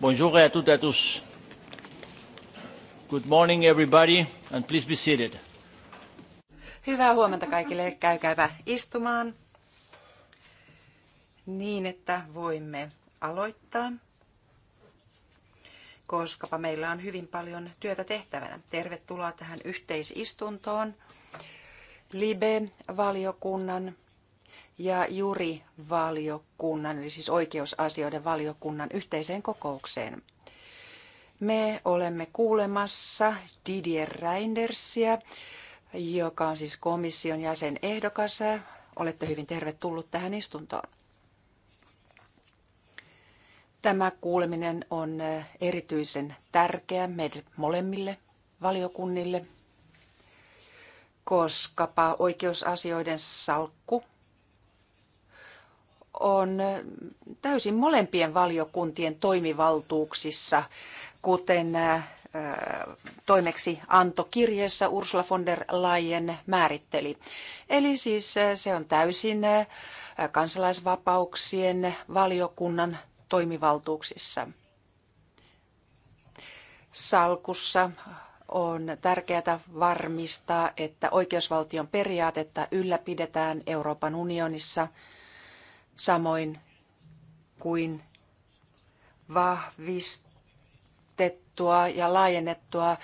Bonjour à toutes et à tous. Good morning everybody and please be seated. Hyvää huomenta kaikille. Käykääpä istumaan niin, että voimme aloittaa, koskapa meillä on hyvin paljon työtä tehtävänä. Tervetuloa tähän yhteisistuntoon Libe-valiokunnan ja juuri valiokunnan, eli siis oikeusasioiden valiokunnan yhteiseen kokoukseen. Me olemme kuulemassa Didier Reindersia, joka on siis komission jäsen ehdokas. Olette hyvin tervetullut tähän istuntoon. Tämä kuuleminen on erityisen tärkeä meille molemmille valiokunnille, koskapa oikeusasioiden salkku on täysin molempien valiokuntien toimivaltuuksissa, kuten toimeksi antokirjeessä Ursula von der Leyen määritteli. Eli siis se on täysin kansalaisvapauksien valiokunnan toimivaltuuksissa. Salkussa on tärkeää varmistaa, että oikeusvaltion periaatetta ylläpidetään Euroopan unionissa – samoin kuin vahvistettua ja laajennettua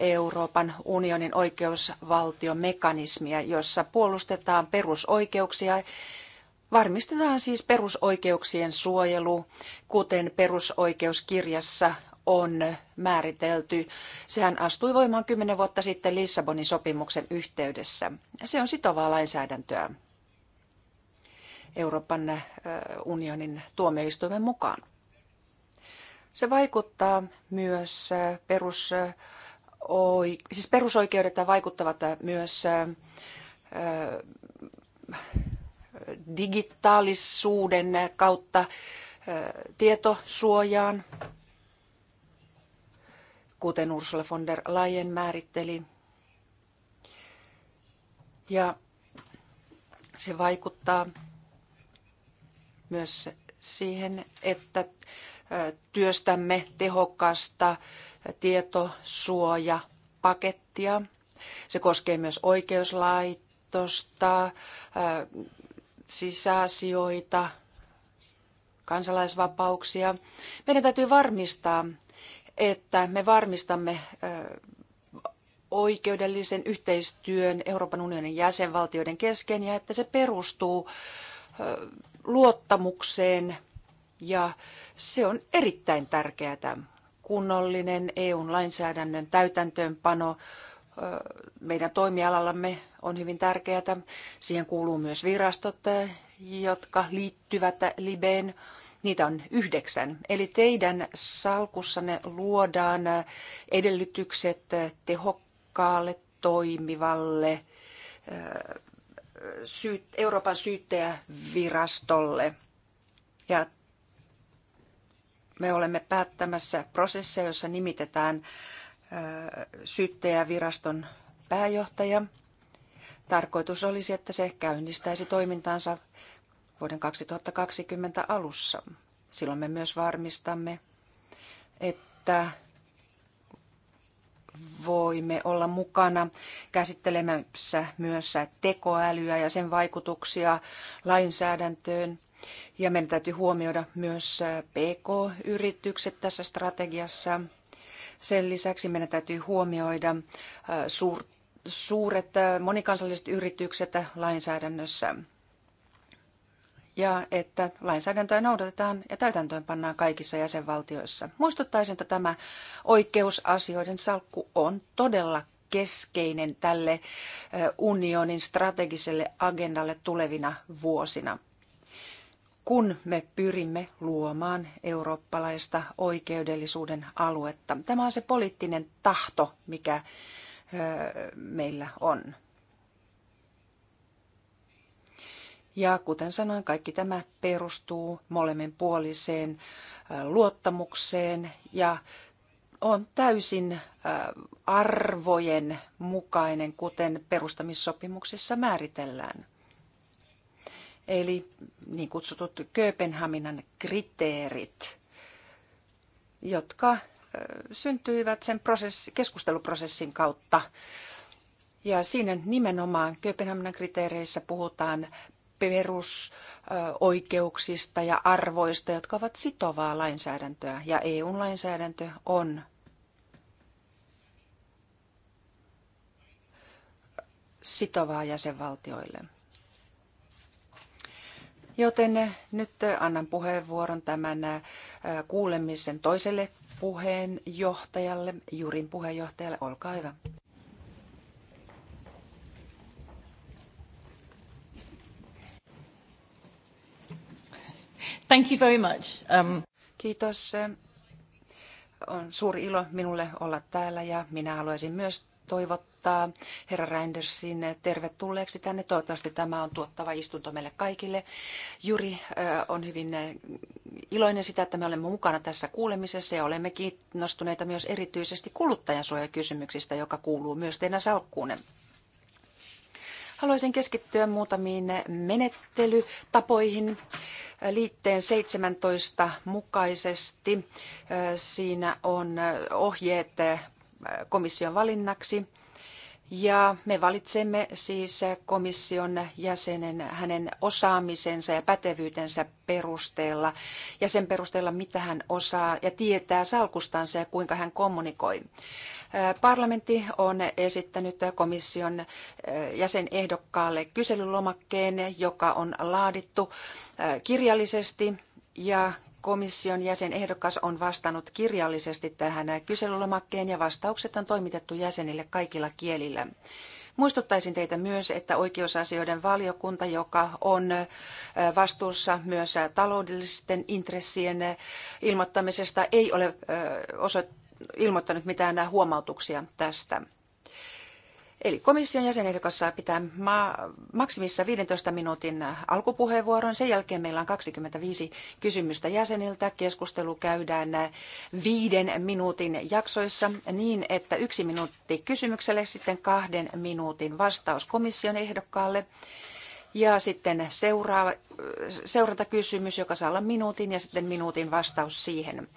Euroopan unionin oikeusvaltiomekanismia, jossa puolustetaan perusoikeuksia Varmistetaan siis perusoikeuksien suojelu, kuten perusoikeuskirjassa on määritelty. Sehän astui voimaan kymmenen vuotta sitten Lissabonin sopimuksen yhteydessä. Se on sitovaa lainsäädäntöä. Euroopan unionin tuomioistuimen mukaan. Se vaikuttaa myös perus, siis perusoikeudet vaikuttavat myös digitaalisuuden kautta tietosuojaan, kuten Ursula von der Leyen määritteli. Ja se vaikuttaa myös siihen, että työstämme tehokasta tietosuojapakettia. Se koskee myös oikeuslaitosta, sisäasioita, kansalaisvapauksia. Meidän täytyy varmistaa, että me varmistamme oikeudellisen yhteistyön Euroopan unionin jäsenvaltioiden kesken ja että se perustuu luottamukseen ja se on erittäin tärkeää. Kunnollinen EU-lainsäädännön täytäntöönpano meidän toimialallamme on hyvin tärkeää. Siihen kuuluu myös virastot, jotka liittyvät Libeen. Niitä on yhdeksän. Eli teidän salkussanne luodaan edellytykset tehokkaalle, toimivalle syyt, Euroopan syyttäjävirastolle. Ja me olemme päättämässä prosessia, jossa nimitetään syyttäjäviraston pääjohtaja. Tarkoitus olisi, että se käynnistäisi toimintaansa vuoden 2020 alussa. Silloin me myös varmistamme, että voimme olla mukana käsittelemässä myös tekoälyä ja sen vaikutuksia lainsäädäntöön. Ja meidän täytyy huomioida myös PK-yritykset tässä strategiassa. Sen lisäksi meidän täytyy huomioida äh, suuret äh, monikansalliset yritykset lainsäädännössä ja että lainsäädäntöä noudatetaan ja täytäntöön pannaan kaikissa jäsenvaltioissa. Muistuttaisin, että tämä oikeusasioiden salkku on todella keskeinen tälle unionin strategiselle agendalle tulevina vuosina. Kun me pyrimme luomaan eurooppalaista oikeudellisuuden aluetta, tämä on se poliittinen tahto, mikä meillä on. Ja kuten sanoin, kaikki tämä perustuu molemminpuoliseen äh, luottamukseen ja on täysin äh, arvojen mukainen, kuten perustamissopimuksissa määritellään. Eli niin kutsutut Kööpenhaminan kriteerit, jotka äh, syntyivät sen prosessi keskusteluprosessin kautta. Ja siinä nimenomaan Kööpenhaminan kriteereissä puhutaan perusoikeuksista ja arvoista, jotka ovat sitovaa lainsäädäntöä. Ja eu lainsäädäntö on sitovaa jäsenvaltioille. Joten nyt annan puheenvuoron tämän äh, kuulemisen toiselle puheenjohtajalle, Jurin puheenjohtajalle. Olkaa hyvä. Thank you very much. Um... Kiitos. On suuri ilo minulle olla täällä ja minä haluaisin myös toivottaa herra Reindersin tervetulleeksi tänne. Toivottavasti tämä on tuottava istunto meille kaikille. Juri on hyvin iloinen sitä, että me olemme mukana tässä kuulemisessa ja olemme kiinnostuneita myös erityisesti kuluttajansuojakysymyksistä, joka kuuluu myös teidän salkkuunne. Haluaisin keskittyä muutamiin menettelytapoihin liitteen 17 mukaisesti. Siinä on ohjeet komission valinnaksi. Ja me valitsemme siis komission jäsenen hänen osaamisensa ja pätevyytensä perusteella ja sen perusteella, mitä hän osaa ja tietää salkustansa ja kuinka hän kommunikoi. Parlamentti on esittänyt komission eh, jäsenehdokkaalle kyselylomakkeen, joka on laadittu eh, kirjallisesti ja komission jäsenehdokas on vastannut kirjallisesti tähän kyselylomakkeen ja vastaukset on toimitettu jäsenille kaikilla kielillä. Muistuttaisin teitä myös, että oikeusasioiden valiokunta, joka on eh, vastuussa myös taloudellisten intressien ilmoittamisesta, ei ole osoittanut ilmoittanut mitään huomautuksia tästä. Eli komission jäsenehdokas saa pitää ma- maksimissa 15 minuutin alkupuheenvuoron. Sen jälkeen meillä on 25 kysymystä jäseniltä. Keskustelu käydään viiden minuutin jaksoissa niin, että yksi minuutti kysymykselle, sitten kahden minuutin vastaus komission ehdokkaalle ja sitten seuraava, seurantakysymys, joka saa olla minuutin ja sitten minuutin vastaus siihen.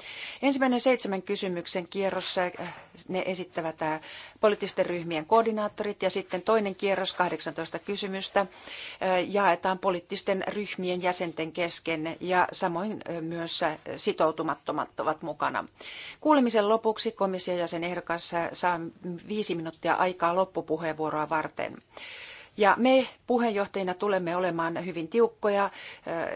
Ensimmäinen seitsemän kysymyksen kierros, ne esittävät poliittisten ryhmien koordinaattorit ja sitten toinen kierros, 18 kysymystä, jaetaan poliittisten ryhmien jäsenten kesken ja samoin myös sitoutumattomat ovat mukana. Kuulemisen lopuksi komission jäsen ehdokas saa viisi minuuttia aikaa loppupuheenvuoroa varten. Ja me puheenjohtajina tulemme olemaan hyvin tiukkoja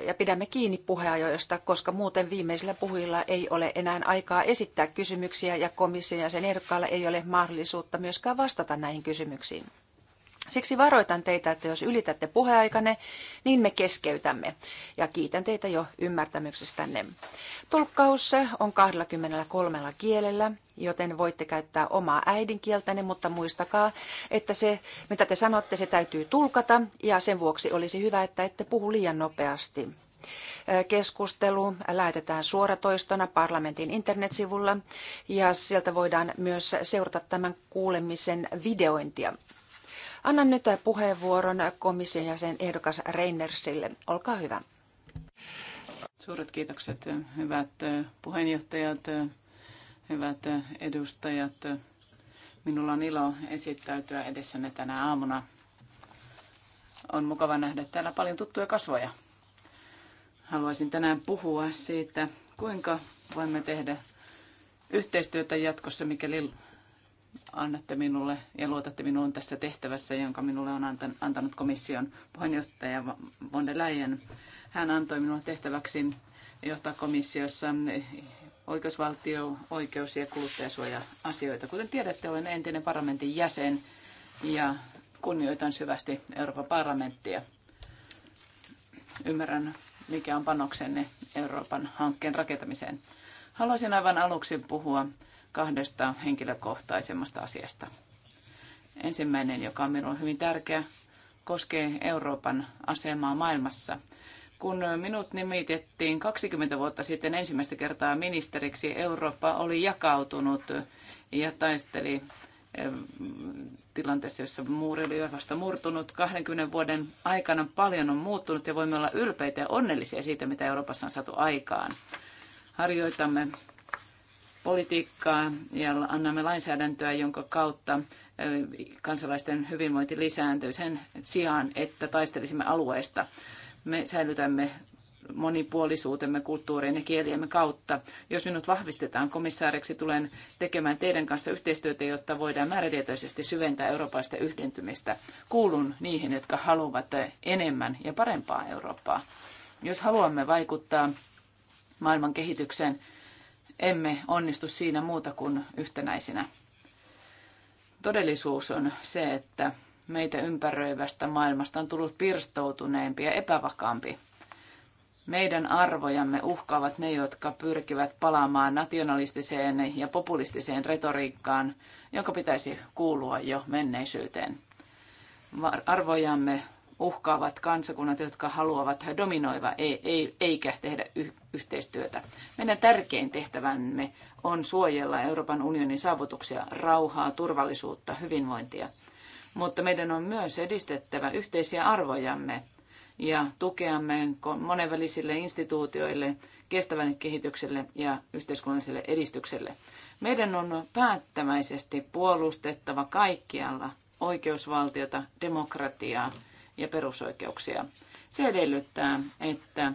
ja pidämme kiinni puheajoista, koska muuten viimeisillä puhujilla ei ole enää aikaa esittää kysymyksiä ja komission ja sen ehdokkaalla ei ole mahdollisuutta myöskään vastata näihin kysymyksiin. Siksi varoitan teitä, että jos ylitätte puheaikanne, niin me keskeytämme. Ja kiitän teitä jo ymmärtämyksestänne. Tulkkaus on 23 kielellä, joten voitte käyttää omaa äidinkieltäne, mutta muistakaa, että se, mitä te sanotte, se täytyy tulkata, ja sen vuoksi olisi hyvä, että ette puhu liian nopeasti. Keskustelu lähetetään suoratoistona parlamentin internetsivulla ja sieltä voidaan myös seurata tämän kuulemisen videointia. Annan nyt puheenvuoron komission jäsen ehdokas Reinersille. Olkaa hyvä. Suuret kiitokset, hyvät puheenjohtajat, hyvät edustajat. Minulla on ilo esittäytyä edessänne tänä aamuna. On mukava nähdä täällä paljon tuttuja kasvoja. Haluaisin tänään puhua siitä, kuinka voimme tehdä yhteistyötä jatkossa, mikäli annatte minulle ja luotatte minuun tässä tehtävässä, jonka minulle on antanut komission puheenjohtaja von der Leyen. Hän antoi minulle tehtäväksi johtaa komissiossa oikeusvaltio, oikeus- ja kuluttajasuoja-asioita. Kuten tiedätte, olen entinen parlamentin jäsen ja kunnioitan syvästi Euroopan parlamenttia. Ymmärrän, mikä on panoksenne Euroopan hankkeen rakentamiseen. Haluaisin aivan aluksi puhua kahdesta henkilökohtaisemmasta asiasta. Ensimmäinen, joka on minulle hyvin tärkeä, koskee Euroopan asemaa maailmassa. Kun minut nimitettiin 20 vuotta sitten ensimmäistä kertaa ministeriksi, Eurooppa oli jakautunut ja taisteli eh, tilanteessa, jossa muuri oli vasta murtunut. 20 vuoden aikana paljon on muuttunut ja voimme olla ylpeitä ja onnellisia siitä, mitä Euroopassa on saatu aikaan. Harjoitamme politiikkaa ja annamme lainsäädäntöä, jonka kautta kansalaisten hyvinvointi lisääntyy sen sijaan, että taistelisimme alueesta. Me säilytämme monipuolisuutemme kulttuurien ja kieliemme kautta. Jos minut vahvistetaan komissaariksi, tulen tekemään teidän kanssa yhteistyötä, jotta voidaan määrätietoisesti syventää eurooppalaista yhdentymistä. Kuulun niihin, jotka haluavat enemmän ja parempaa Eurooppaa. Jos haluamme vaikuttaa maailman kehitykseen, emme onnistu siinä muuta kuin yhtenäisinä. Todellisuus on se, että meitä ympäröivästä maailmasta on tullut pirstoutuneempi ja epävakaampi. Meidän arvojamme uhkaavat ne, jotka pyrkivät palaamaan nationalistiseen ja populistiseen retoriikkaan, jonka pitäisi kuulua jo menneisyyteen. Arvojamme uhkaavat kansakunnat, jotka haluavat dominoiva ei, ei, eikä tehdä yhteistyötä. Meidän tärkein tehtävämme on suojella Euroopan unionin saavutuksia, rauhaa, turvallisuutta, hyvinvointia. Mutta meidän on myös edistettävä yhteisiä arvojamme ja tukeamme monenvälisille instituutioille, kestävän kehitykselle ja yhteiskunnalliselle edistykselle. Meidän on päättäväisesti puolustettava kaikkialla oikeusvaltiota, demokratiaa ja perusoikeuksia. Se edellyttää, että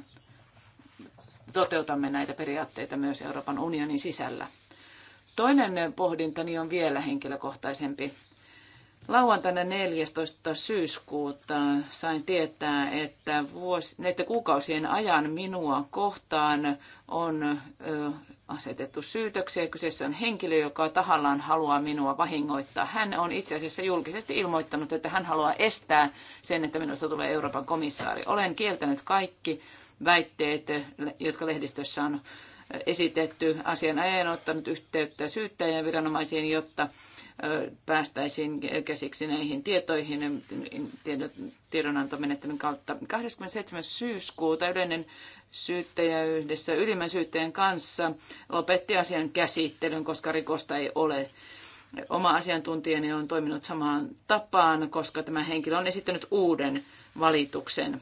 toteutamme näitä periaatteita myös Euroopan unionin sisällä. Toinen pohdintani on vielä henkilökohtaisempi. Lauantaina 14. syyskuuta sain tietää, että vuosi, näiden kuukausien ajan minua kohtaan on ö, asetettu syytöksiä. Kyseessä on henkilö, joka tahallaan haluaa minua vahingoittaa. Hän on itse asiassa julkisesti ilmoittanut, että hän haluaa estää sen, että minusta tulee Euroopan komissaari. Olen kieltänyt kaikki väitteet, jotka lehdistössä on esitetty. Asian ajan ottanut yhteyttä syyttäjän viranomaisiin, jotta päästäisiin käsiksi näihin tietoihin tiedonantomenettelyn kautta. 27. syyskuuta yleinen syyttäjä yhdessä ylimmän syyttäjän kanssa lopetti asian käsittelyn, koska rikosta ei ole. Oma asiantuntijani on toiminut samaan tapaan, koska tämä henkilö on esittänyt uuden valituksen.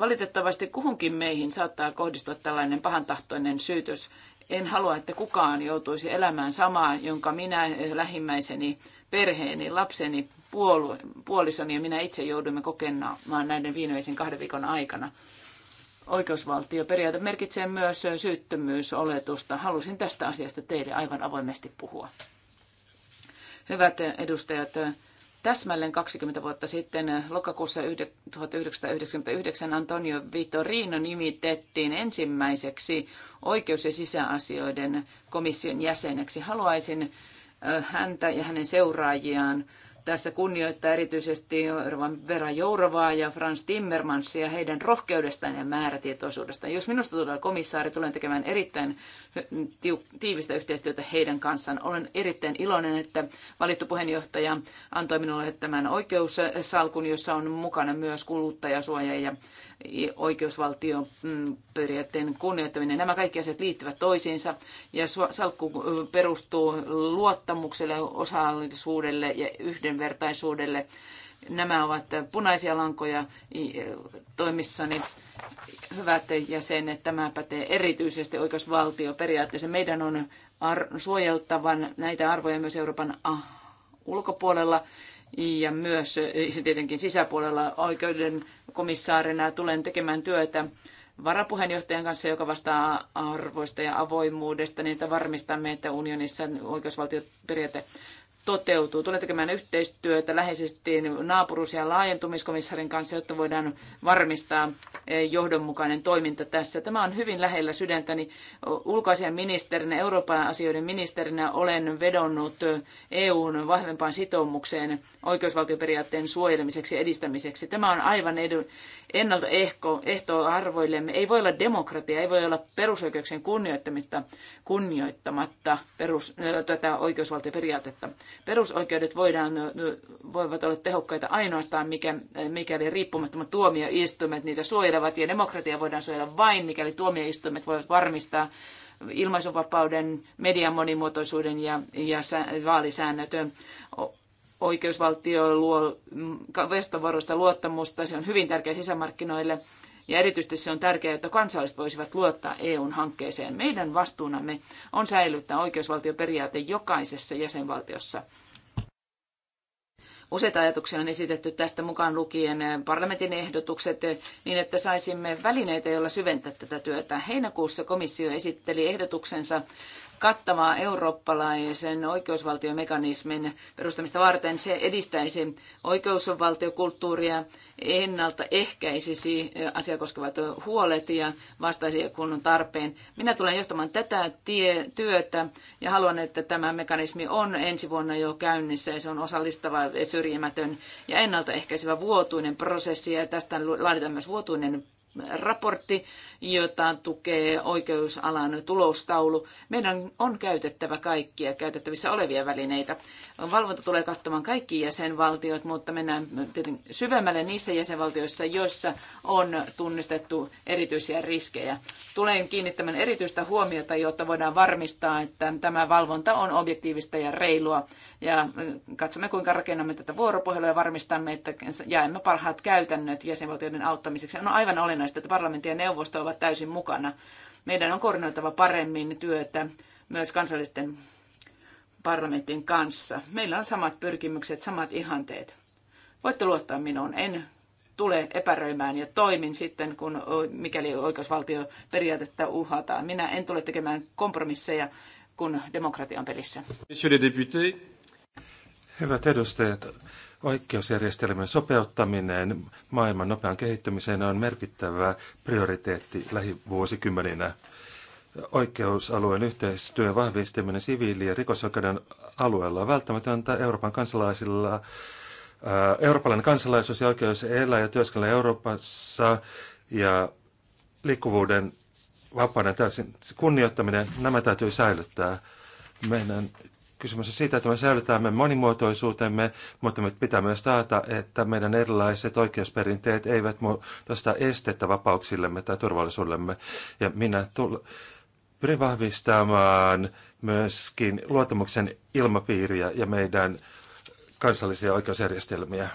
Valitettavasti kuhunkin meihin saattaa kohdistua tällainen pahantahtoinen syytös, en halua, että kukaan joutuisi elämään samaa, jonka minä, lähimmäiseni, perheeni, lapseni, puol- puolisoni ja minä itse joudumme kokemaan näiden viimeisen kahden viikon aikana. Oikeusvaltioperiaate merkitsee myös syyttömyysoletusta. Halusin tästä asiasta teille aivan avoimesti puhua. Hyvät edustajat, Täsmälleen 20 vuotta sitten eh, lokakuussa 1999 Antonio Vitorino nimitettiin ensimmäiseksi oikeus- ja sisäasioiden komission jäseneksi. Haluaisin eh, häntä ja hänen seuraajiaan tässä kunnioittaa erityisesti Vera Jourovaa ja Franz Timmermansia heidän rohkeudestaan ja määrätietoisuudestaan. Jos minusta tulee komissaari, tulen tekemään erittäin tiivistä yhteistyötä heidän kanssaan. Olen erittäin iloinen, että valittu puheenjohtaja antoi minulle tämän oikeussalkun, jossa on mukana myös kuluttajasuoja ja oikeusvaltion mm, periaatteen kunnioittaminen. Nämä kaikki asiat liittyvät toisiinsa ja salkku perustuu luottamukselle, osallisuudelle ja yhdenvertaisuudelle. Nämä ovat punaisia lankoja toimissani. Hyvät jäsenet, tämä pätee erityisesti oikeusvaltioperiaatteeseen. Meidän on ar- suojeltavan näitä arvoja myös Euroopan ah, ulkopuolella ja myös eh, tietenkin sisäpuolella oikeuden komissaarina tulen tekemään työtä varapuheenjohtajan kanssa, joka vastaa arvoista ja avoimuudesta, niin että varmistamme, että unionissa oikeusvaltioperiaate toteutuu. Tulee tekemään yhteistyötä läheisesti naapuruus- ja laajentumiskomissarin kanssa, jotta voidaan varmistaa johdonmukainen toiminta tässä. Tämä on hyvin lähellä sydäntäni. Ulkoasian ministerinä, Euroopan asioiden ministerinä olen vedonnut EUn vahvempaan sitoumukseen oikeusvaltioperiaatteen suojelemiseksi ja edistämiseksi. Tämä on aivan edu, ennalta ehto arvoillemme. Ei voi olla demokratia, ei voi olla perusoikeuksien kunnioittamista kunnioittamatta perus, tätä oikeusvaltioperiaatetta. Perusoikeudet voidaan, voivat olla tehokkaita ainoastaan, mikä, mikäli riippumattomat tuomioistuimet niitä suojelevat suojelevat ja demokratia voidaan suojella vain, mikäli tuomioistuimet voivat varmistaa ilmaisuvapauden, median monimuotoisuuden ja, ja vaalisäännöt. Oikeusvaltio luo vastavuoroista luottamusta, se on hyvin tärkeä sisämarkkinoille ja erityisesti se on tärkeää, että kansalaiset voisivat luottaa EUn hankkeeseen. Meidän vastuunamme on säilyttää oikeusvaltioperiaate jokaisessa jäsenvaltiossa. Useita ajatuksia on esitetty tästä mukaan lukien parlamentin ehdotukset niin, että saisimme välineitä, joilla syventää tätä työtä. Heinäkuussa komissio esitteli ehdotuksensa Kattamaa eurooppalaisen oikeusvaltiomekanismin perustamista varten. Se edistäisi oikeusvaltiokulttuuria, ennaltaehkäisisi asiaa koskevat huolet ja vastaisi kun on tarpeen. Minä tulen johtamaan tätä tie- työtä ja haluan, että tämä mekanismi on ensi vuonna jo käynnissä ja se on osallistava, syrjimätön ja ennaltaehkäisevä vuotuinen prosessi ja tästä laaditaan myös vuotuinen raportti, jota tukee oikeusalan tulostaulu. Meidän on käytettävä kaikkia käytettävissä olevia välineitä. Valvonta tulee kattamaan kaikki jäsenvaltiot, mutta mennään syvemmälle niissä jäsenvaltioissa, joissa on tunnistettu erityisiä riskejä. Tulen kiinnittämään erityistä huomiota, jotta voidaan varmistaa, että tämä valvonta on objektiivista ja reilua. Ja katsomme, kuinka rakennamme tätä vuoropuhelua ja varmistamme, että jaamme parhaat käytännöt jäsenvaltioiden auttamiseksi. On aivan olennaista olennaista, että parlamentti ja neuvosto ovat täysin mukana. Meidän on koordinoitava paremmin työtä myös kansallisten parlamentin kanssa. Meillä on samat pyrkimykset, samat ihanteet. Voitte luottaa minuun. En tule epäröimään ja toimin sitten, kun mikäli oikeusvaltioperiaatetta uhataan. Minä en tule tekemään kompromisseja, kun demokratia on pelissä. Hyvät edustajat, Oikeusjärjestelmän sopeuttaminen maailman nopean kehittymiseen on merkittävä prioriteetti lähivuosikymmeninä. Oikeusalueen yhteistyön vahvistaminen siviili- ja rikosoikeuden alueella on välttämätöntä Euroopan kansalaisilla. Äh, eurooppalainen kansalaisuus ja oikeus elää ja työskennellä Euroopassa ja liikkuvuuden vapauden täysin kunnioittaminen, nämä täytyy säilyttää. Meidän kysymys on siitä, että me säilytämme monimuotoisuutemme, mutta me pitää myös taata, että meidän erilaiset oikeusperinteet eivät muodosta estettä vapauksillemme tai turvallisuudellemme. Ja minä tull- pyrin vahvistamaan myöskin luottamuksen ilmapiiriä ja meidän kansallisia oikeusjärjestelmiä.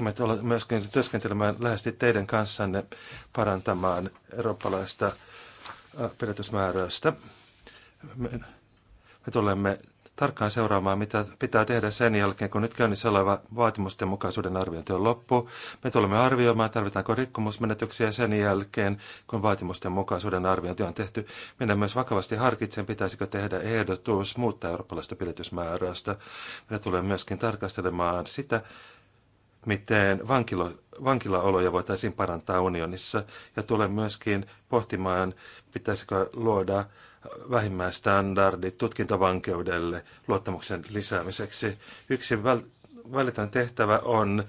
Me tullaan myöskin työskentelemään läheisesti teidän kanssanne parantamaan eurooppalaista äh, pidätysmääräystä. Me me tulemme tarkkaan seuraamaan, mitä pitää tehdä sen jälkeen, kun nyt käynnissä oleva vaatimusten mukaisuuden arviointi on loppu. Me tulemme arvioimaan, tarvitaanko rikkomusmenetyksiä sen jälkeen, kun vaatimusten mukaisuuden arviointi on tehty. Minä myös vakavasti harkitsen, pitäisikö tehdä ehdotus muuttaa eurooppalaista piletysmääräystä. Minä tulen myöskin tarkastelemaan sitä, miten vankilo, vankilaoloja voitaisiin parantaa unionissa. Ja tulen myöskin pohtimaan, pitäisikö luoda vähimmäistandardit tutkintavankeudelle luottamuksen lisäämiseksi. Yksi väl, välitön tehtävä on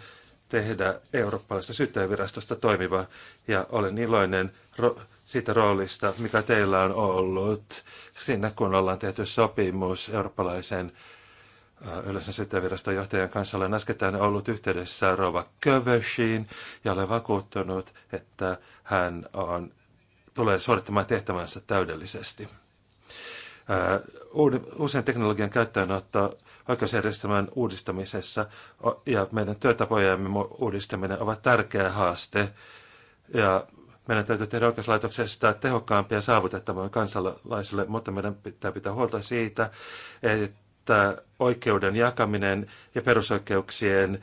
tehdä eurooppalaisesta syyttäjävirastosta toimiva ja olen iloinen ro- siitä roolista, mikä teillä on ollut siinä, kun ollaan tehty sopimus eurooppalaisen yleisen syyttäjäviraston johtajan kanssa. Olen äskettäin ollut yhteydessä Rova Kövöshiin ja olen vakuuttunut, että hän on tulee suorittamaan tehtävänsä täydellisesti. Uusien teknologian käyttöönotto oikeusjärjestelmän uudistamisessa ja meidän työtapojemme uudistaminen ovat tärkeä haaste. Ja meidän täytyy tehdä oikeuslaitoksesta tehokkaampia ja saavutettavaa kansalaisille, mutta meidän pitää pitää huolta siitä, että oikeuden jakaminen ja perusoikeuksien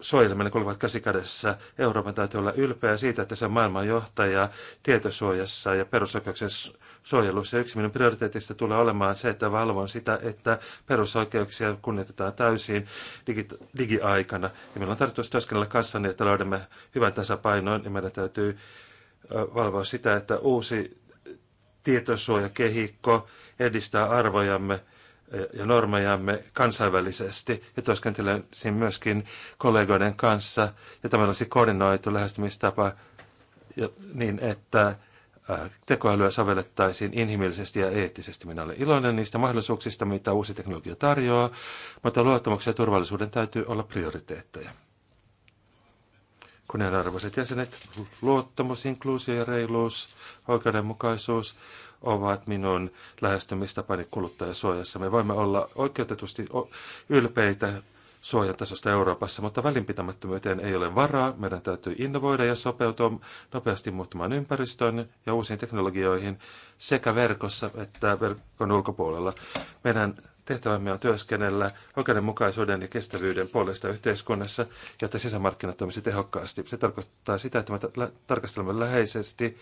suojelmille kulkevat käsikädessä. Euroopan täytyy olla ylpeä siitä, että se on maailman johtaja tietosuojassa ja perusoikeuksien suojelussa. Yksi minun prioriteetista tulee olemaan se, että valvon sitä, että perusoikeuksia kunnioitetaan täysin digi- digiaikana. Ja meillä on tarkoitus työskennellä niin että löydämme hyvän tasapainon ja meidän täytyy valvoa sitä, että uusi tietosuojakehikko edistää arvojamme – ja normejamme kansainvälisesti ja työskentelisin myöskin kollegoiden kanssa. Ja tämä olisi koordinoitu lähestymistapa niin, että äh, tekoälyä sovellettaisiin inhimillisesti ja eettisesti. Minä olen iloinen niistä mahdollisuuksista, mitä uusi teknologia tarjoaa, mutta luottamuksen ja turvallisuuden täytyy olla prioriteetteja. Kunnianarvoiset jäsenet, luottamus, inkluusio ja reiluus, oikeudenmukaisuus ovat minun lähestymistapani kuluttajasuojassa. Me voimme olla oikeutetusti ylpeitä suojantasosta Euroopassa, mutta välinpitämättömyyteen ei ole varaa. Meidän täytyy innovoida ja sopeutua nopeasti muuttumaan ympäristöön ja uusiin teknologioihin sekä verkossa että verkon ulkopuolella. Meidän tehtävämme on työskennellä oikeudenmukaisuuden ja kestävyyden puolesta yhteiskunnassa, jotta sisämarkkinat toimisi tehokkaasti. Se tarkoittaa sitä, että me tarkastelemme läheisesti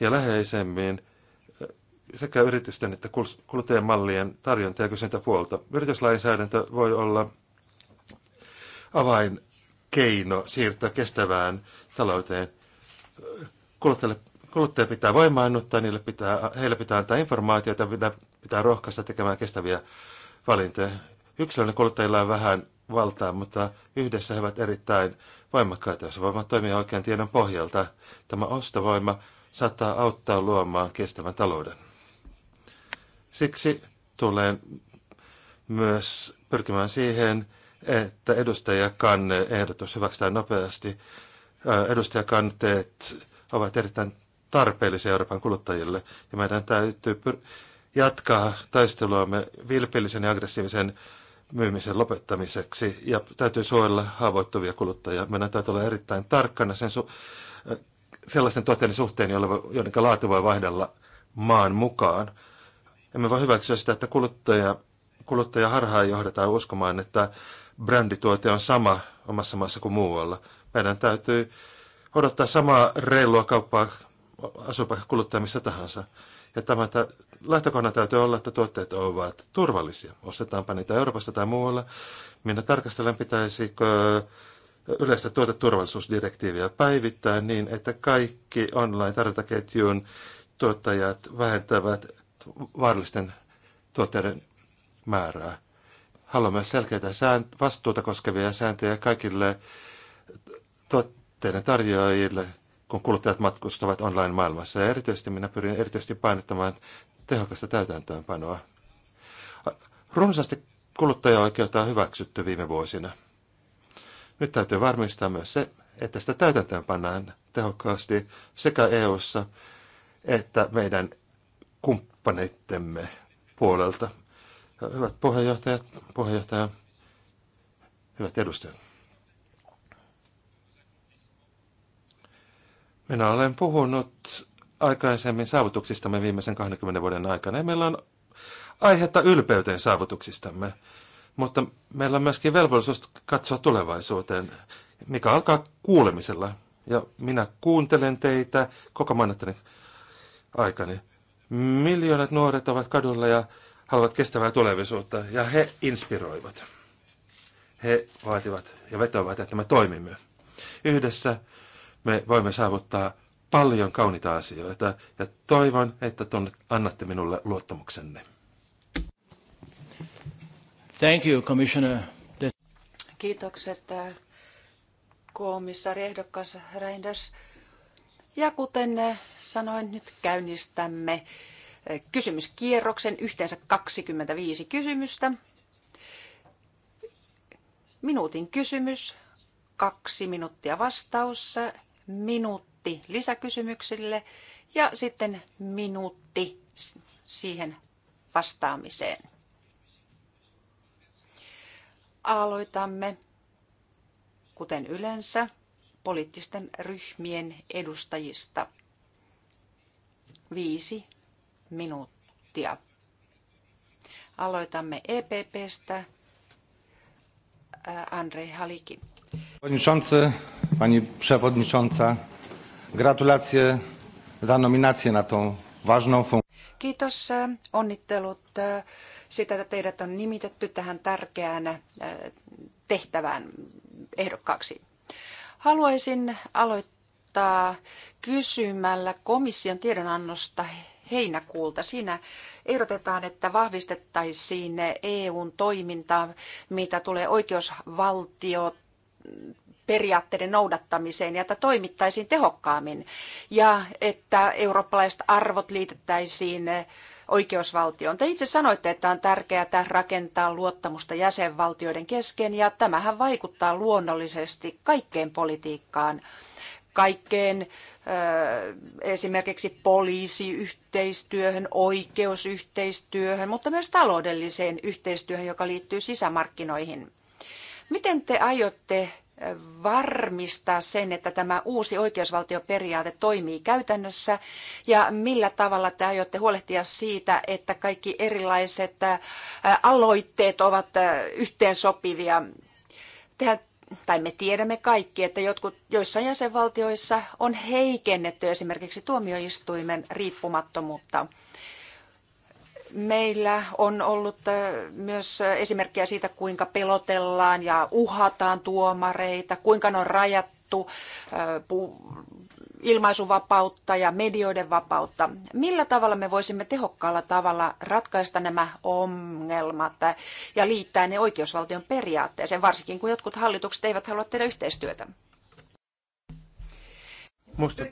ja läheisemmin sekä yritysten että mallien tarjonta- ja puolta. Yrityslainsäädäntö voi olla avainkeino siirtyä kestävään talouteen. Kuluttajille kuluttaja pitää voimaannuttaa, niille pitää, heille pitää antaa informaatiota, pitää, pitää rohkaista tekemään kestäviä valintoja. Yksilön kuluttajilla on vähän valtaa, mutta yhdessä he ovat erittäin voimakkaita, jos voivat toimia oikean tiedon pohjalta. Tämä ostovoima saattaa auttaa luomaan kestävän talouden. Siksi tulee myös pyrkimään siihen, että edustajakanne ehdotus hyväksytään nopeasti. Edustajakanteet ovat erittäin tarpeellisia Euroopan kuluttajille ja meidän täytyy jatkaa taisteluamme vilpillisen ja aggressiivisen myymisen lopettamiseksi ja täytyy suojella haavoittuvia kuluttajia. Meidän täytyy olla erittäin tarkkana sen su- sellaisen tuotteiden suhteen, joiden laatu voi vaihdella maan mukaan. Emme voi hyväksyä sitä, että kuluttaja, kuluttaja harhaan johdetaan uskomaan, että brändituote on sama omassa maassa kuin muualla. Meidän täytyy odottaa samaa reilua kauppaa asuupa kuluttaja missä tahansa. Ja tämän tä- lähtökohdan täytyy olla, että tuotteet ovat turvallisia. Ostetaanpa niitä Euroopasta tai muualla. Minä tarkastelen, pitäisikö yleistä tuoteturvallisuusdirektiiviä päivittää niin, että kaikki online-tarjontaketjun tuottajat vähentävät vaarallisten tuotteiden määrää. Haluamme myös selkeitä säänt- vastuuta koskevia sääntöjä kaikille tuotteiden tarjoajille, kun kuluttajat matkustavat online-maailmassa. Ja erityisesti minä pyrin erityisesti painottamaan tehokasta täytäntöönpanoa. Runsaasti kuluttajaoikeutta on hyväksytty viime vuosina. Nyt täytyy varmistaa myös se, että sitä täytäntöönpannaan tehokkaasti sekä EU:ssa että meidän kump- kumppaneittemme puolelta. Hyvät puheenjohtajat, puheenjohtaja, hyvät edustajat. Minä olen puhunut aikaisemmin saavutuksistamme viimeisen 20 vuoden aikana. Ja meillä on aihetta ylpeyteen saavutuksistamme, mutta meillä on myöskin velvollisuus katsoa tulevaisuuteen, mikä alkaa kuulemisella. Ja minä kuuntelen teitä koko mainittani aikani. Miljoonat nuoret ovat kadulla ja haluavat kestävää tulevaisuutta ja he inspiroivat. He vaativat ja vetoavat, että me toimimme. Yhdessä me voimme saavuttaa paljon kauniita asioita ja toivon, että annatte minulle luottamuksenne. Thank you, Commissioner. Kiitokset äh, komissaari ehdokas Reinders. Ja kuten eh, sanoin, nyt käynnistämme eh, kysymyskierroksen, yhteensä 25 kysymystä. Minuutin kysymys, kaksi minuuttia vastaus, minuutti lisäkysymyksille ja sitten minuutti siihen vastaamiseen. Aloitamme, kuten yleensä, poliittisten ryhmien edustajista. Viisi minuuttia. Aloitamme EPPstä. Äh, Andrei Haliki. Panie pani przewodnicząca, gratulacje za nominację na tą ważną funkcję. Kiitos, äh, onnittelut äh, sitä, että teidät on nimitetty tähän tärkeään tehtävään ehdokkaaksi. Haluaisin aloittaa kysymällä komission tiedonannosta heinäkuulta. Siinä ehdotetaan, että vahvistettaisiin EUn toimintaa, mitä tulee oikeusvaltio periaatteiden noudattamiseen ja että toimittaisiin tehokkaammin ja että eurooppalaiset arvot liitettäisiin oikeusvaltioon. Te itse sanoitte, että on tärkeää rakentaa luottamusta jäsenvaltioiden kesken ja tämähän vaikuttaa luonnollisesti kaikkeen politiikkaan kaikkeen esimerkiksi poliisiyhteistyöhön, oikeusyhteistyöhön, mutta myös taloudelliseen yhteistyöhön, joka liittyy sisämarkkinoihin. Miten te aiotte varmistaa sen, että tämä uusi oikeusvaltioperiaate toimii käytännössä ja millä tavalla te aiotte huolehtia siitä, että kaikki erilaiset äh, aloitteet ovat äh, yhteensopivia. Tehän tai me tiedämme kaikki, että jotkut, joissain jäsenvaltioissa on heikennetty esimerkiksi tuomioistuimen riippumattomuutta. Meillä on ollut äh, myös esimerkkejä siitä, kuinka pelotellaan ja uhataan tuomareita, kuinka ne on rajattu äh, ilmaisuvapautta ja medioiden vapautta. Millä tavalla me voisimme tehokkaalla tavalla ratkaista nämä ongelmat ja liittää ne oikeusvaltion periaatteeseen, varsinkin kun jotkut hallitukset eivät halua tehdä yhteistyötä? Musta.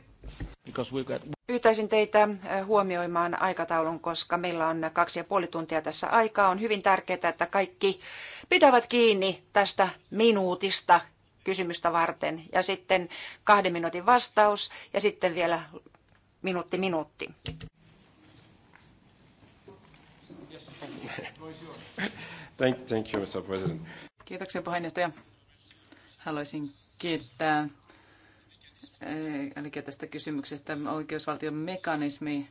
Pyytäisin teitä eh, huomioimaan aikataulun, koska meillä on kaksi ja puoli tuntia tässä aikaa. On hyvin tärkeää, että kaikki pitävät kiinni tästä minuutista kysymystä varten. Ja sitten kahden minuutin vastaus ja sitten vielä minuutti minuutti. Thank, you, Mr. President. Kiitoksia puheenjohtaja. Haluaisin kiittää eli tästä kysymyksestä oikeusvaltion mekanismi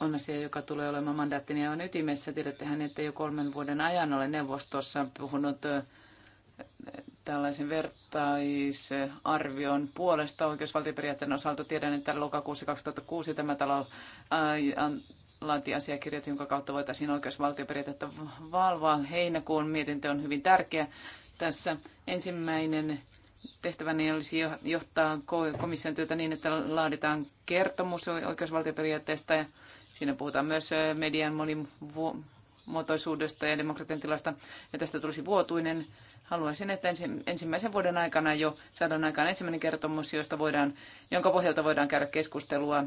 on asia, joka tulee olemaan mandaattini ja on ytimessä. Tiedättehän, että jo kolmen vuoden ajan olen neuvostossa puhunut tällaisen vertaisarvion puolesta oikeusvaltioperiaatteen osalta. Tiedän, että lokakuussa 2006 tämä talo laati asiakirjat, jonka kautta voitaisiin oikeusvaltioperiaatetta valvoa. Heinäkuun mietintö on hyvin tärkeä tässä. Ensimmäinen tehtäväni olisi johtaa komission työtä niin, että laaditaan kertomus oikeusvaltioperiaatteesta ja siinä puhutaan myös median monimuotoisuudesta ja demokratian tilasta ja tästä tulisi vuotuinen. Haluaisin, että ensimmäisen vuoden aikana jo saadaan aikaan ensimmäinen kertomus, josta voidaan, jonka pohjalta voidaan käydä keskustelua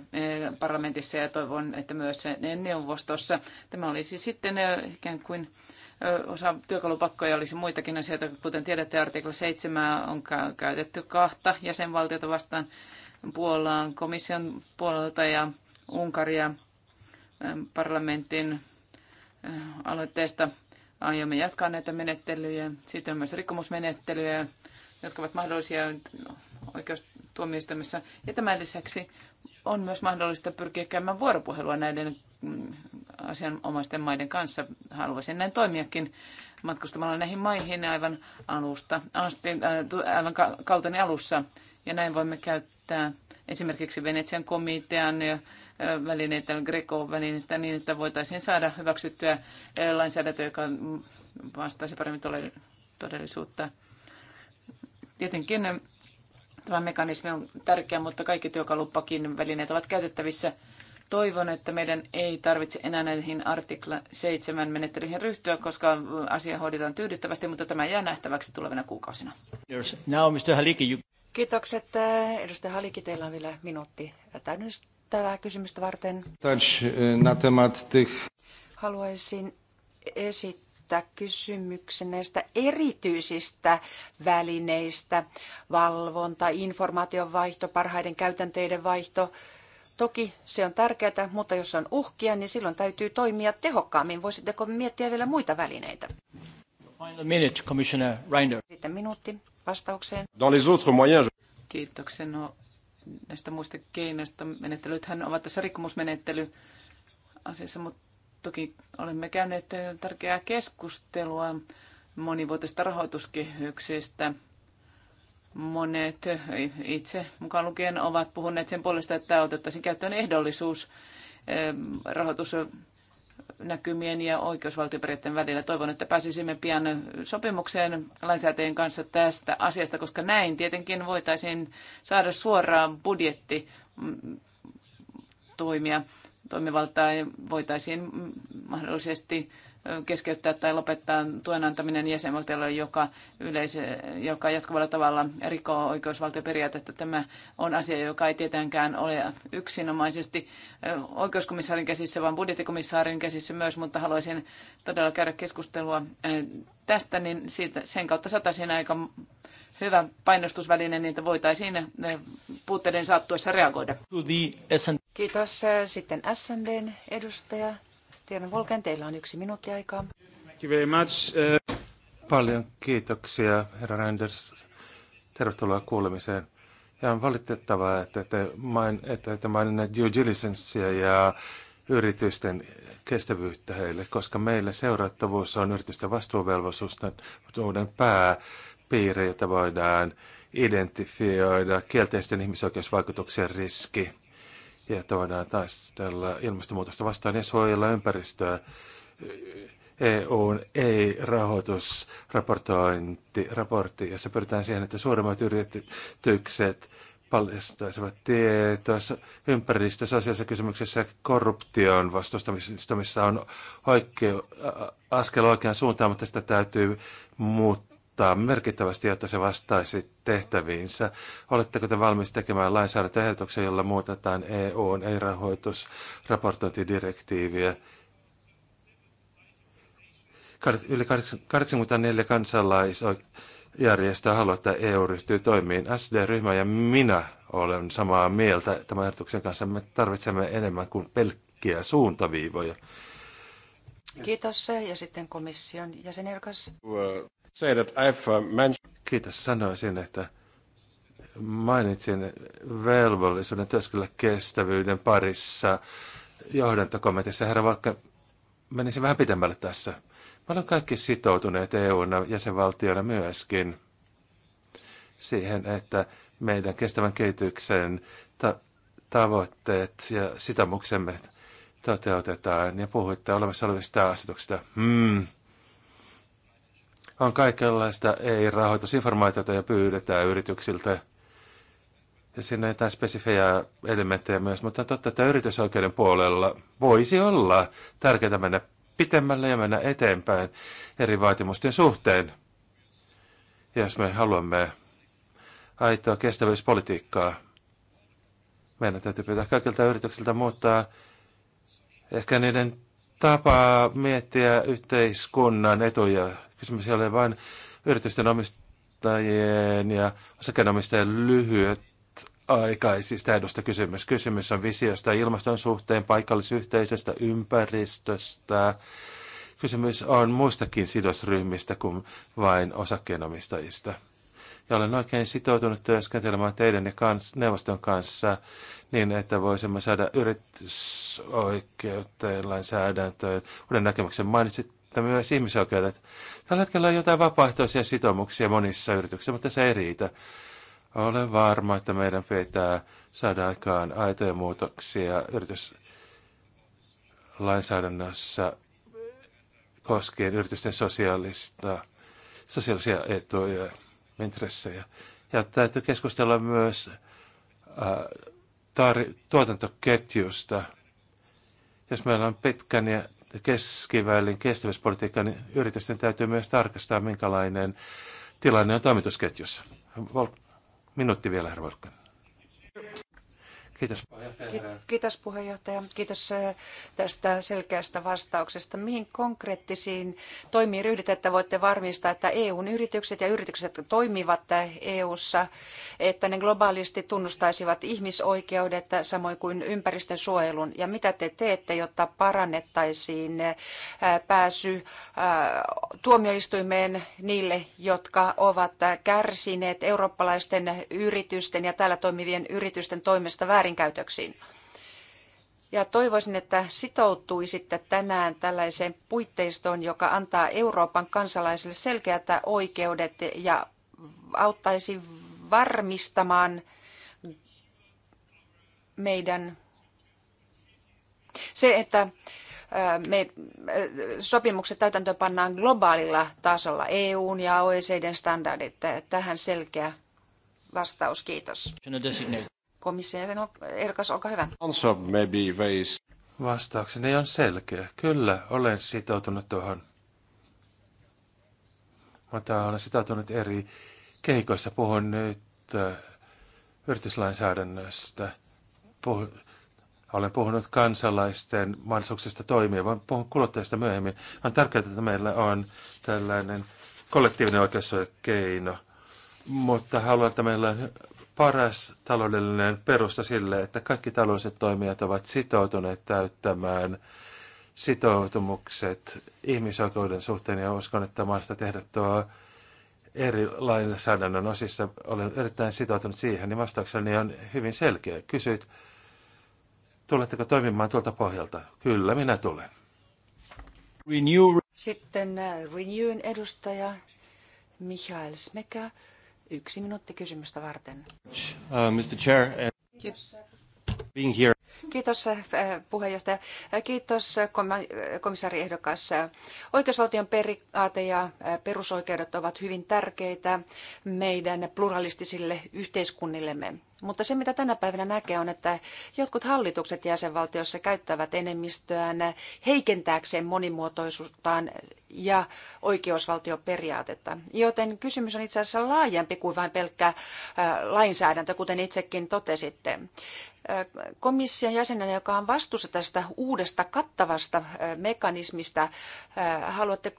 parlamentissa ja toivon, että myös neuvostossa. Tämä olisi sitten ikään kuin osa työkalupakkoja olisi muitakin asioita. Kuten tiedätte, artikla 7 on käytetty kahta jäsenvaltiota vastaan Puolaan komission puolelta ja Unkaria parlamentin aloitteesta aiomme jatkaa näitä menettelyjä. Sitten on myös rikkomusmenettelyjä, jotka ovat mahdollisia oikeustuomioistuimessa. Ja tämän lisäksi on myös mahdollista pyrkiä käymään vuoropuhelua näiden mm, asianomaisten maiden kanssa. Haluaisin näin toimiakin matkustamalla näihin maihin aivan alusta asti, äh, aivan kauteni alussa. Ja näin voimme käyttää esimerkiksi Venetsian komitean ja äh, välineitä, Grekoon välineitä niin, että voitaisiin saada hyväksyttyä äh, lainsäädäntö, joka vastaisi paremmin todellisuutta. Tietenkin tämä mekanismi on tärkeä, mutta kaikki työkalupakin välineet ovat käytettävissä – Toivon, että meidän ei tarvitse enää näihin artikla 7 menettelyihin ryhtyä, koska asia hoidetaan tyydyttävästi, mutta tämä jää nähtäväksi tulevina kuukausina. Now, Mr. Haliki, you... Kiitokset. Edustaja Haliki, teillä on vielä minuutti täydennystävää kysymystä varten. Haluaisin esittää kysymyksen näistä erityisistä välineistä, valvonta, informaation vaihto, parhaiden käytänteiden vaihto – Toki se on tärkeää, mutta jos on uhkia, niin silloin täytyy toimia tehokkaammin. Voisitteko miettiä vielä muita välineitä? Final minute, Commissioner Sitten minuutti vastaukseen. Dans les autres moyens... Kiitoksia. No, näistä muista keinoista menettelythän ovat tässä rikkomusmenettely asiassa, mutta toki olemme käyneet tärkeää keskustelua monivuotista rahoituskehyksestä – Monet itse mukaan lukien ovat puhuneet sen puolesta, että otettaisiin käyttöön ehdollisuus rahoitusnäkymien ja oikeusvaltioperiaatteen välillä. Toivon, että pääsisimme pian sopimukseen lainsäätäjien kanssa tästä asiasta, koska näin tietenkin voitaisiin saada suoraan budjetti mm, toimia toimivaltaa ja voitaisiin mahdollisesti keskeyttää tai lopettaa tuen antaminen jäsenvaltiolle, joka, yleise, joka jatkuvalla tavalla rikoo oikeusvaltioperiaatetta. Tämä on asia, joka ei tietenkään ole yksinomaisesti oikeuskomissaarin käsissä, vaan budjettikomissaarin käsissä myös, mutta haluaisin todella käydä keskustelua tästä, niin siitä, sen kautta saataisiin aika hyvä painostusväline, niitä voitaisiin puutteiden saattuessa reagoida. Kiitos. Sitten SNDn edustaja Tiedän Volken, teillä on yksi minuutti aikaa. Thank you very much. Uh, Paljon kiitoksia, herra Reinders. Tervetuloa kuulemiseen. Ja on valitettavaa, että te, main, että te maininneet due diligencea ja yritysten kestävyyttä heille, koska meillä seurattavuus on yritysten vastuuvelvollisuuden pääpiiri, jota voidaan identifioida kielteisten ihmisoikeusvaikutuksien riski ja voidaan taistella ilmastonmuutosta vastaan ja suojella ympäristöä. EUn ei-rahoitusraportointi raportti, jossa pyritään siihen, että suuremmat yritykset paljastaisivat tietoa ympäristö- sosiaalisissa kysymyksessä korruption missä on oikea, askel oikeaan suuntaan, mutta sitä täytyy muut, muuttaa merkittävästi, jotta se vastaisi tehtäviinsä. Oletteko te valmis tekemään lainsäädäntöehdotuksen, jolla muutetaan EUn ei-rahoitusraportointidirektiiviä? Yli 84 kansalaisjärjestöä haluaa, että EU ryhtyy toimiin. SD-ryhmä ja minä olen samaa mieltä tämän ehdotuksen kanssa. Me tarvitsemme enemmän kuin pelkkiä suuntaviivoja. Kiitos. Ja sitten komission jäsenerkas say that I've uh, mentioned... Kiitos sanoisin, että mainitsin velvollisuuden työskennellä kestävyyden parissa johdantokomiteassa. Herra Valkka, menisin vähän pitemmälle tässä. Me ollaan kaikki sitoutuneet EUn jäsenvaltiona myöskin siihen, että meidän kestävän kehityksen ta- tavoitteet ja sitamuksemme toteutetaan. Ja puhuitte olemassa olevista asetuksista. Hmm on kaikenlaista ei-rahoitusinformaatiota ja pyydetään yrityksiltä. Ja siinä on jotain spesifejä elementtejä myös, mutta totta, että yritysoikeuden puolella voisi olla tärkeää mennä pitemmälle ja mennä eteenpäin eri vaatimusten suhteen. Ja jos me haluamme aitoa kestävyyspolitiikkaa, meidän täytyy pyytää kaikilta yrityksiltä muuttaa ehkä niiden tapa miettiä yhteiskunnan etuja. Kysymys ei ole vain yritysten omistajien ja osakkeenomistajien lyhyet aikaisista edusta kysymys. Kysymys on visiosta ilmaston suhteen, paikallisyhteisöstä, ympäristöstä. Kysymys on muistakin sidosryhmistä kuin vain osakkeenomistajista. Ja olen oikein sitoutunut työskentelemään teidän ja kans, neuvoston kanssa niin, että voisimme saada yritysoikeuteen, lainsäädäntöön, uuden näkemyksen mainitsit myös ihmisoikeudet. Tällä hetkellä on jotain vapaaehtoisia sitoumuksia monissa yrityksissä, mutta se ei riitä. Olen varma, että meidän pitää saada aikaan aitoja muutoksia yrityslainsäädännössä koskien yritysten sosiaalista, sosiaalisia etuja intressejä. Ja täytyy keskustella myös äh, tar- tuotantoketjusta. Jos meillä on pitkän ja keskivälin kestävyyspolitiikka, niin yritysten täytyy myös tarkastaa, minkälainen tilanne on toimitusketjussa. Minuutti vielä, herra Volkan. Kiitos puheenjohtaja. Kiitos puheenjohtaja. Äh, kiitos tästä selkeästä vastauksesta. Mihin konkreettisiin toimiin ryhdytte, että voitte varmistaa, että EUn yritykset ja yritykset, jotka toimivat äh, EUssa, että ne globaalisti tunnustaisivat ihmisoikeudet äh, samoin kuin ympäristön suojelun? Ja mitä te teette, jotta parannettaisiin pääsy tuomioistuimeen niille, jotka ovat kärsineet eurooppalaisten yritysten ja täällä toimivien yritysten toimesta väärin väärinkäytöksiin. Ja toivoisin, että sitoutuisitte tänään tällaiseen puitteistoon, joka antaa Euroopan kansalaisille selkeät oikeudet ja auttaisi varmistamaan meidän se, että me sopimukset täytäntöön pannaan globaalilla tasolla, EUn ja OECDn standardit. Tähän selkeä vastaus, kiitos komissio jäsen ehdokas, olkaa hyvä. Answer maybe ways. Vastaukseni on selkeä. Kyllä, olen sitoutunut tuohon. Mutta olen sitoutunut eri keikoissa. Puhun nyt äh, yrityslainsäädännöstä. Puh- olen puhunut kansalaisten mahdollisuuksista toimia, vaan puhun kuluttajista myöhemmin. On tärkeää, että meillä on tällainen kollektiivinen oikeussuojakeino, mutta haluan, että meillä on paras taloudellinen perusta sille, että kaikki taloudelliset toimijat ovat sitoutuneet täyttämään sitoutumukset ihmisoikeuden suhteen ja uskon, että maasta tehdä tuo eri lainsäädännön osissa. Olen erittäin sitoutunut siihen, niin vastaukseni on hyvin selkeä. Kysyit, tuletteko toimimaan tuolta pohjalta? Kyllä, minä tulen. Renew. Sitten äh, Renewin edustaja Michael Smeka. Yksi minuutti kysymystä varten. Uh, Mr. Chair, uh, being here. Kiitos eh, puheenjohtaja. Eh, kiitos eh, komissaari ehdokas. Oikeusvaltion periaate ja perusoikeudet ovat hyvin tärkeitä meidän pluralistisille yhteiskunnillemme. Mutta se, mitä tänä päivänä näkee, on, että jotkut hallitukset jäsenvaltioissa käyttävät enemmistöään heikentääkseen monimuotoisuuttaan ja oikeusvaltioperiaatetta. Joten kysymys on itse asiassa laajempi kuin vain pelkkä lainsäädäntö, kuten itsekin totesitte komission jäsenenä, joka on vastuussa tästä uudesta kattavasta mekanismista, haluatte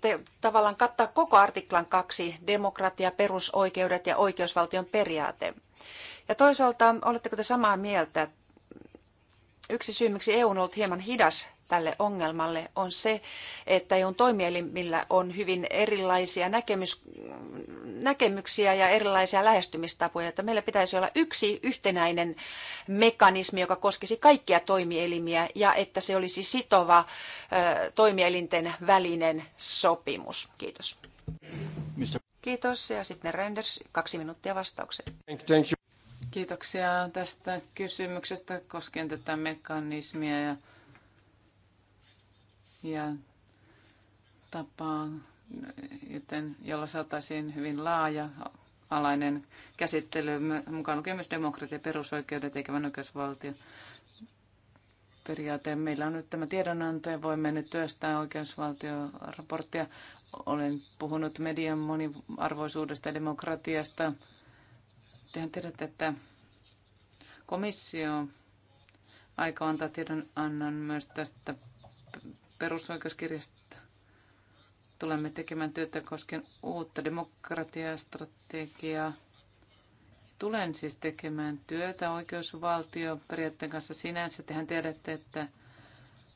te tavallaan kattaa koko artiklan kaksi demokratia, perusoikeudet ja oikeusvaltion periaate. Ja toisaalta, oletteko te samaa mieltä, yksi syy, miksi EU on ollut hieman hidas tälle ongelmalle on se, että EUn toimielimillä on hyvin erilaisia näkemys, näkemyksiä ja erilaisia lähestymistapoja, että meillä pitäisi olla yksi yhtenäinen mekanismi, joka koskisi kaikkia toimielimiä ja että se olisi sitova ö, toimielinten välinen sopimus. Kiitos. Kiitos ja sitten Renders, kaksi minuuttia vastaukseen. Kiitoksia tästä kysymyksestä koskien tätä mekanismia ja ja tapaa, joten, jolla saataisiin hyvin laaja alainen käsittely, mukaan lukien myös demokratia, perusoikeudet eikä vain oikeusvaltio periaate. Meillä on nyt tämä tiedonanto ja voimme nyt työstää oikeusvaltioraporttia. Olen puhunut median moniarvoisuudesta ja demokratiasta. Tehän tiedätte, että komissio aika antaa tiedonannon myös tästä perusoikeuskirjasta tulemme tekemään työtä koskien uutta demokratiastrategiaa. Tulen siis tekemään työtä periaatteen kanssa sinänsä. Tehän tiedätte, että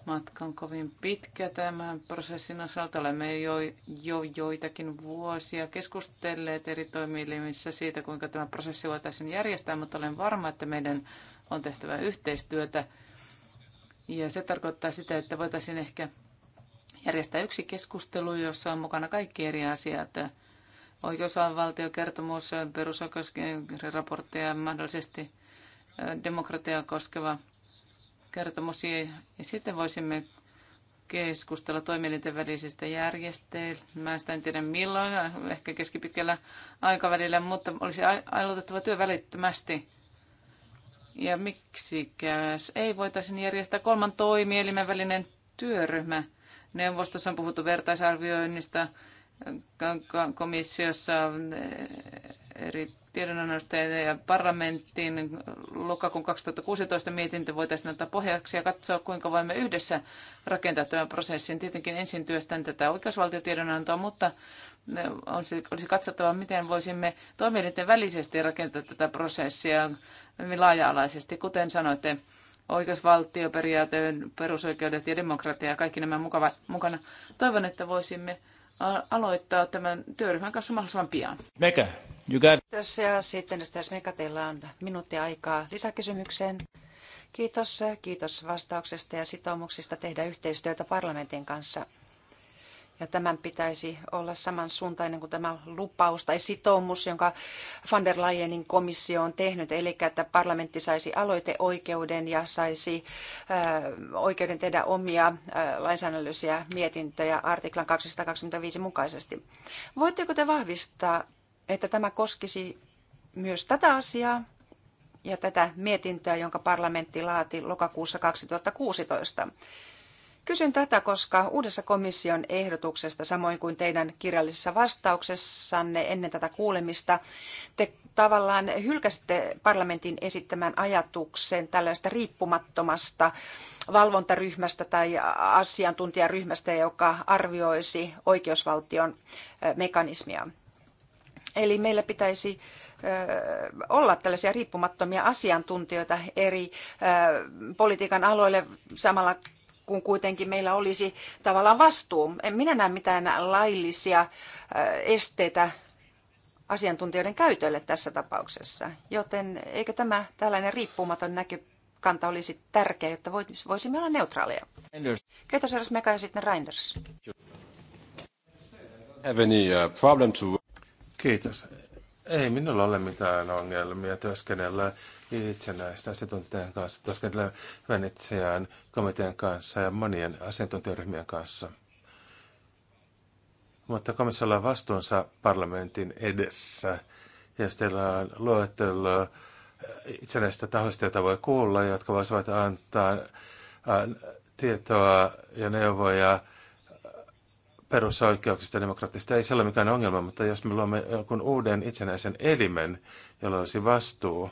matka on kovin pitkä tämän prosessin osalta. Olemme jo, jo joitakin vuosia keskustelleet eri toimielimissä siitä, kuinka tämä prosessi voitaisiin järjestää, mutta olen varma, että meidän on tehtävä yhteistyötä ja se tarkoittaa sitä, että voitaisiin ehkä järjestää yksi keskustelu, jossa on mukana kaikki eri asiat. Oikeusvaltiokertomus, perusoikeusraportti ja mahdollisesti demokratiaa koskeva kertomus. Ja sitten voisimme keskustella toimielinten välisestä järjestelmästä. En tiedä milloin, ehkä keskipitkällä aikavälillä, mutta olisi aloitettava työ välittömästi ja miksikäs ei voitaisiin järjestää kolman toimielimen välinen työryhmä? Neuvostossa on puhuttu vertaisarvioinnista, komissiossa eh, eri tiedonannosta ja parlamenttiin lokakuun 2016 mietintö voitaisiin ottaa pohjaksi ja katsoa, kuinka voimme yhdessä rakentaa tämän prosessin. Tietenkin ensin työstän tätä oikeusvaltiotiedonantoa, mutta eh, olisi, olisi katsottava, miten voisimme toimielinten välisesti rakentaa tätä prosessia hyvin laaja-alaisesti. Kuten sanoitte, oikeusvaltioperiaate, perusoikeudet ja demokratia, kaikki nämä mukava, mukana. Toivon, että voisimme aloittaa tämän työryhmän kanssa mahdollisimman pian. Meka, you got... Kiitos ja sitten jos Meka, teillä on minuutti aikaa lisäkysymykseen. Kiitos, kiitos vastauksesta ja sitoumuksista tehdä yhteistyötä parlamentin kanssa. Ja tämän pitäisi olla samansuuntainen kuin tämä lupaus tai sitoumus, jonka van der Leyenin komissio on tehnyt, eli että parlamentti saisi aloiteoikeuden ja saisi äh, oikeuden tehdä omia äh, lainsäädännöllisiä mietintöjä artiklan 225 mukaisesti. Voitteko te vahvistaa, että tämä koskisi myös tätä asiaa ja tätä mietintöä, jonka parlamentti laati lokakuussa 2016? Kysyn tätä, koska uudessa komission ehdotuksesta, samoin kuin teidän kirjallisessa vastauksessanne ennen tätä kuulemista, te tavallaan hylkäsitte parlamentin esittämän ajatuksen tällaista riippumattomasta valvontaryhmästä tai asiantuntijaryhmästä, joka arvioisi oikeusvaltion mekanismia. Eli meillä pitäisi olla tällaisia riippumattomia asiantuntijoita eri politiikan aloille samalla kun kuitenkin meillä olisi tavallaan vastuu. En minä näe mitään laillisia esteitä asiantuntijoiden käytölle tässä tapauksessa. Joten eikö tämä tällainen riippumaton näkökanta olisi tärkeä, jotta voisimme olla neutraaleja? Kiitos Eräs Meka ja sitten Reinders. Have any, uh, problem to... Kiitos. Ei minulla ole mitään ongelmia työskennellä itsenäistä asiantuntijan kanssa, työskentelee Venetsian komitean kanssa ja monien asiantuntijaryhmien kanssa. Mutta komissiolla on vastuunsa parlamentin edessä. Ja teillä on luettelo itsenäistä tahoista, joita voi kuulla, jotka voisivat antaa tietoa ja neuvoja perusoikeuksista ja demokratista Ei se ole mikään ongelma, mutta jos me luomme jonkun uuden itsenäisen elimen, jolla olisi vastuu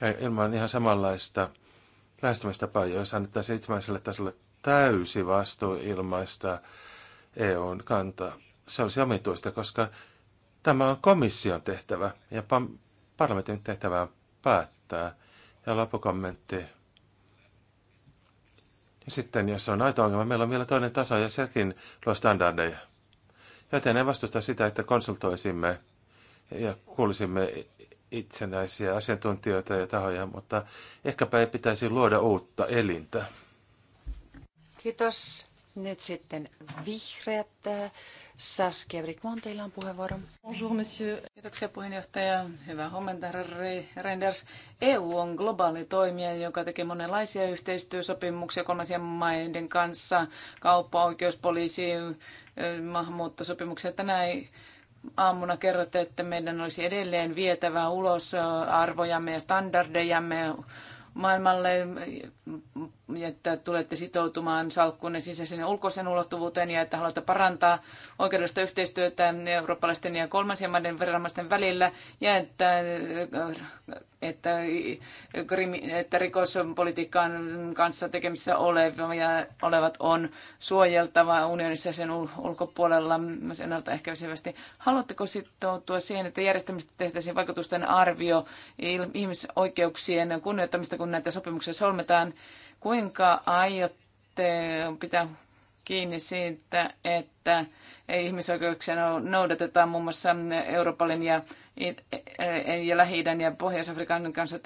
ja ilman ihan samanlaista lähestymistapaa, jos annetaan seitsemäiselle tasolle täysi vastuu ilmaista EUn kantaa. Se olisi omituista, koska tämä on komission tehtävä ja parlamentin tehtävä päättää. Ja loppukommentti. Ja sitten, jos on aito ongelma, meillä on vielä toinen taso ja sekin luo standardeja. Joten en vastusta sitä, että konsultoisimme ja kuulisimme itsenäisiä asiantuntijoita ja tahoja, mutta ehkäpä ei pitäisi luoda uutta elintä. Kiitos. Nyt sitten vihreät. Saskia Brickman, teillä on puheenvuoro. Bonjour, monsieur. Kiitoksia puheenjohtaja. Hyvää huomenta, Renders. EU on globaali toimija, joka tekee monenlaisia yhteistyösopimuksia kolmansien maiden kanssa. Kauppa, poliisi, eh, maahanmuuttosopimuksia. Tänään aamuna kerrotte, että meidän olisi edelleen vietävä ulos arvojamme ja standardejamme maailmalle että tulette sitoutumaan salkkunne sisäisen ja ulkoisen ulottuvuuteen ja että haluatte parantaa oikeudellista yhteistyötä eurooppalaisten ja kolmansien maiden viranomaisten välillä ja että, että, että rikospolitiikan kanssa tekemissä olevia, olevat on suojeltava unionissa sen ulkopuolella myös ennaltaehkäisevästi. Haluatteko sitoutua siihen, että järjestelmistä tehtäisiin vaikutusten arvio ihmisoikeuksien kunnioittamista, kun näitä sopimuksia solmetaan? Kuinka aiotte pitää kiinni siitä, että ihmisoikeuksia noudatetaan muun muassa Euroopan ja, e- e- ja lähi ja Pohjois-Afrikan kanssa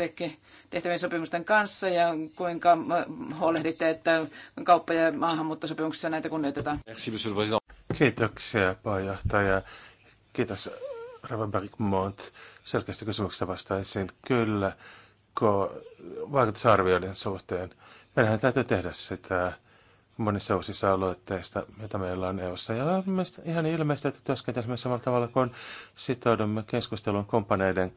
tehtävien sopimusten kanssa ja kuinka huolehditte, että kauppa- ja maahanmuuttosopimuksissa näitä kunnioitetaan? Kiitoksia puheenjohtaja. Kiitos Rava Bergmont selkeästä kysymyksestä vastaisin. Kyllä, vaikutusarvioiden suhteen meidän täytyy tehdä sitä monissa uusissa aloitteista, joita meillä on EUssa. Ja on ihan ilmeistä, että työskentelemme samalla tavalla kuin sitoudumme keskustelun kompaneiden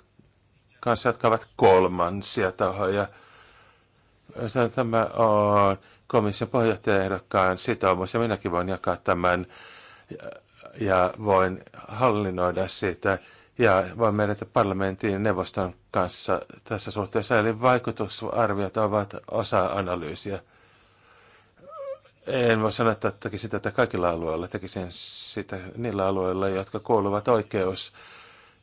kanssa, jotka ovat kolmansia tahoja. Tämä on komission puheenjohtajaehdokkaan sitoumus ja minäkin voin jakaa tämän ja voin hallinnoida sitä ja vaan edetä parlamentin neuvoston kanssa tässä suhteessa. Eli vaikutusarviot ovat osa analyysiä. En voi sanoa, että tekisin tätä kaikilla alueilla. Tekisin sitä niillä alueilla, jotka kuuluvat oikeus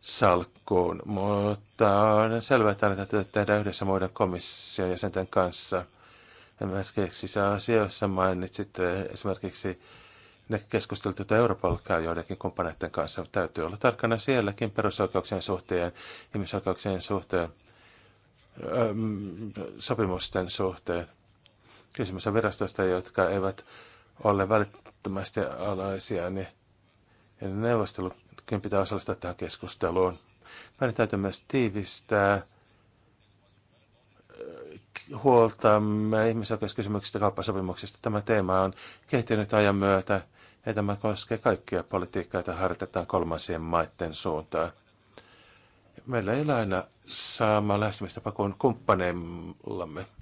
salkkuun, Mutta on selvää, että täytyy tehdä yhdessä muiden komission jäsenten kanssa. Esimerkiksi asioissa mainitsit esimerkiksi ne keskustelut, joita Euroopalla käy joidenkin kumppaneiden kanssa, täytyy olla tarkkana sielläkin perusoikeuksien suhteen, ihmisoikeuksien suhteen, sopimusten suhteen. Kysymys on virastoista, jotka eivät ole välittömästi alaisia, niin neuvostelukin pitää osallistua tähän keskusteluun. Meidän täytyy myös tiivistää huoltamme ihmisoikeuskysymyksistä kauppasopimuksista. Tämä teema on kehittynyt ajan myötä ja tämä koskee kaikkia politiikkaa, joita harjoitetaan kolmansien maiden suuntaan. Meillä ei ole aina saama lähestymistapa kuin kumppaneillamme.